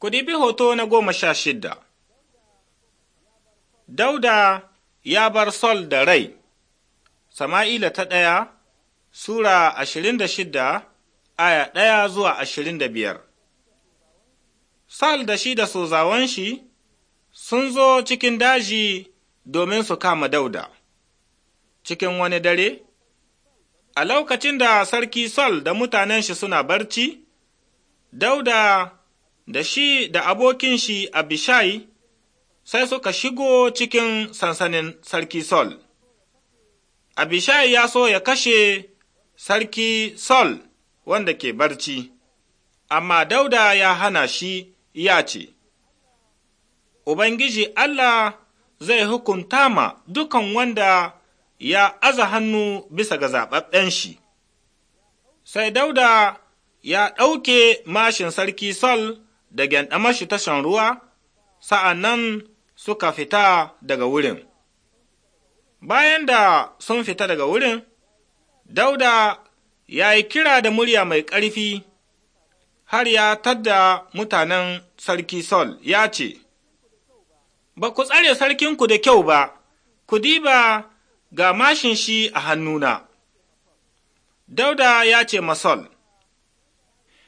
Ku hoto na goma sha shidda. Dauda ya bar Sol da rai, Sama'ila ta ɗaya, Sura ashirin da shidda, aya ɗaya zuwa ashirin da biyar. Sol da shi da sozawan shi sun zo cikin daji domin su kama dauda. Cikin wani dare, a lokacin da sarki Sol da mutanen shi suna barci, dauda da shi da abokin shi Abishai sai suka shigo cikin sansanin Sarki Sol. Abishai ya so ya kashe Sarki Sol wanda ke barci, amma Dauda ya hana shi ya ce, Ubangiji Allah zai hukunta ma dukan wanda ya aza hannu bisa ga zaɓaɓɓen shi. Sai Dauda ya ɗauke mashin Sarki Sol da gyanɗamar shi ta ruwa, sa'an nan suka fita daga wurin. Bayan da sun fita daga wurin, Dauda ya yi kira da murya mai ƙarfi har ya tadda mutanen sarki Sol ya ce, Ba ku tsare sarkinku da kyau ba, ku diba ga mashin shi a hannuna. Dauda ya ce masol,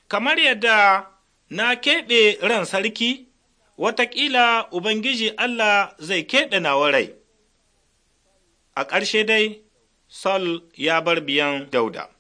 kamar yadda na keɓe ran sarki, wataƙila Ubangiji Allah zai keɓe nawa rai. A ƙarshe dai, Sol ya bar biyan Dauda.